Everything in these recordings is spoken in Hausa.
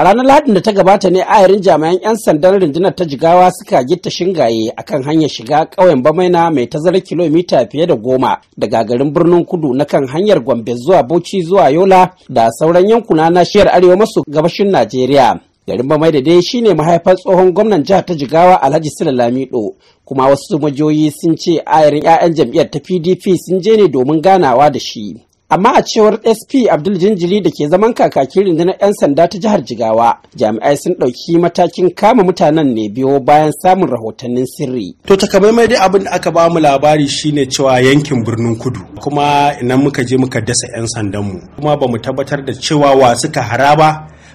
a ranar lahadin da ta gabata ne ayarin jami'an 'yan sandan rundunar ta jigawa suka gita shingaye a kan hanyar shiga ƙauyen bamaina mai tazarar kilomita fiye da goma daga garin birnin kudu na kan hanyar gombe zuwa bauchi zuwa yola da sauran yankuna na shiyar arewa maso gabashin najeriya garin bamai da dai shine mahaifar tsohon gwamnan jihar ta jigawa alhaji sila lamido kuma wasu majoyi sun ce ayarin 'ya'yan jam'iyyar ta pdp sun je ne domin ganawa da shi amma a cewar sp abdul jinjili da ke zaman kakakin rundunar 'yan sanda ta jihar jigawa jami'ai sun ɗauki matakin kama mutanen ne biyo bayan samun rahotannin sirri to takamaimai dai abin da aka ba mu labari shine cewa yankin birnin kudu kuma ina muka je muka dasa 'yan sandanmu kuma ba mu tabbatar da cewa wa suka haraba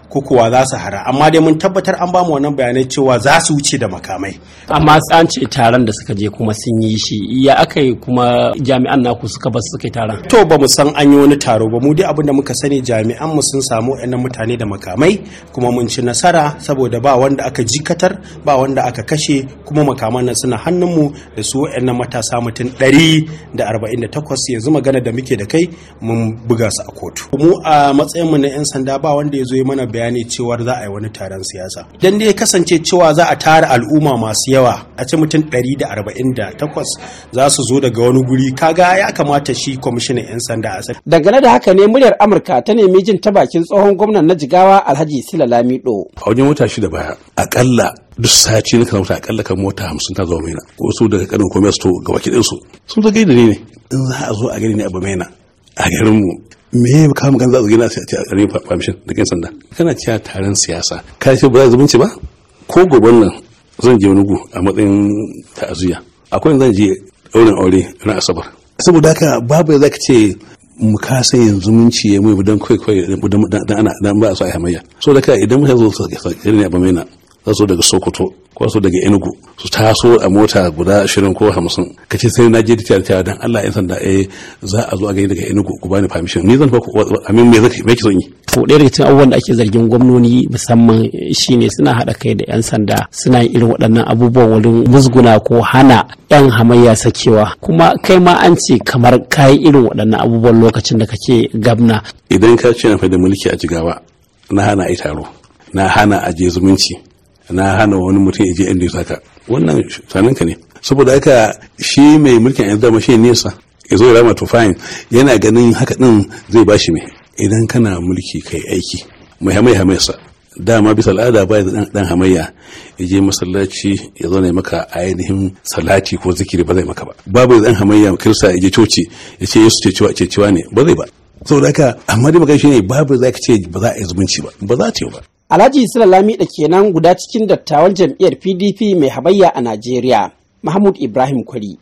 ko kuwa za su hara amma dai mun tabbatar an bamu wannan bayanai cewa za su wuce da makamai amma an ce taron da suka je kuma sun yi shi ya aka yi kuma jami'an naku suka su suka yi taron to ba mu san an yi wani taro ba mu dai abin da muka sani jami'an mu sun samu ɗan mutane da makamai kuma mun ci nasara saboda ba wanda aka jikatar ba wanda aka kashe kuma makaman nan suna hannunmu da su ɗan matasa mutum ɗari da arba'in da takwas yanzu magana da muke da kai mun buga su a kotu mu a matsayin mu na 'yan sanda ba wanda ya zo mana bayani cewar za a yi wani taron siyasa dan dai kasance cewa za a tara al'umma masu yawa a ce mutum 148 za su zo daga wani guri kaga ya kamata shi kwamishinan 'yan sanda a sani dangane da haka ne muryar amurka ta nemi jin ta bakin tsohon gwamnan na jigawa alhaji sila lamido a wajen wata shida baya akalla duk sati na kan wuta akalla kan mota hamsin ta zuwa maina wasu daga kanin komai su ga wakilin su sun zo gaida ne in za a zo a gani ne abu maina a garinmu me ya mu kan za su gina a ce a da kan sanda kana cewa taron siyasa ka yi ba za zumunci ba ko gobon nan zan je wani a matsayin ta'aziyya akwai zan je ɗaurin aure na asabar saboda haka babu za ka ce mu kasa yin zumunci ya mu dan kwaikwai dan ana ba ba su a hamayya so da ka idan mutane zo su ne a bamena za su daga sokoto ko su daga enugu su taso a mota guda ashirin ko hamsin ka ce sai na je da tiyar dan allah yan sanda eh za a zo a gani daga enugu ku bani permission ni zan faku amin me zaka me son yi to ɗaya daga cikin abubuwan da ake zargin gwamnoni musamman shine suna haɗa kai da yan sanda suna yin irin waɗannan abubuwan wurin musguna ko hana yan hamayya sakewa kuma kai ma an ce kamar yi irin waɗannan abubuwan lokacin da kake gabna idan ka ce na fa da mulki a jigawa na hana ai taro na hana a je zumunci na hana wani mutum ya je inda ya saka wannan sananka ne saboda haka shi mai mulkin yanzu dama shi nesa ya zo ya rama fine yana ganin haka din zai bashi mai idan kana mulki kai aiki mai hamayya hamai sa dama bisa al'ada ba da dan hamayya ya je masallaci ya zo ne maka ainihin salati ko zikiri ba zai maka ba babu dan hamayya kirsa ya je coci ya ce yesu ce cewa ce cewa ne ba zai ba saboda haka amma dai magana shine babu zai ka ce ba za a yi zumunci ba ba za ce ba Alhaji lami da kenan guda cikin dattawan jam'iyyar PDP mai habayya a Najeriya, Mahmud Ibrahim Kwari,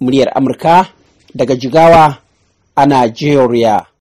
muryar Amurka daga Jigawa a Najeriya.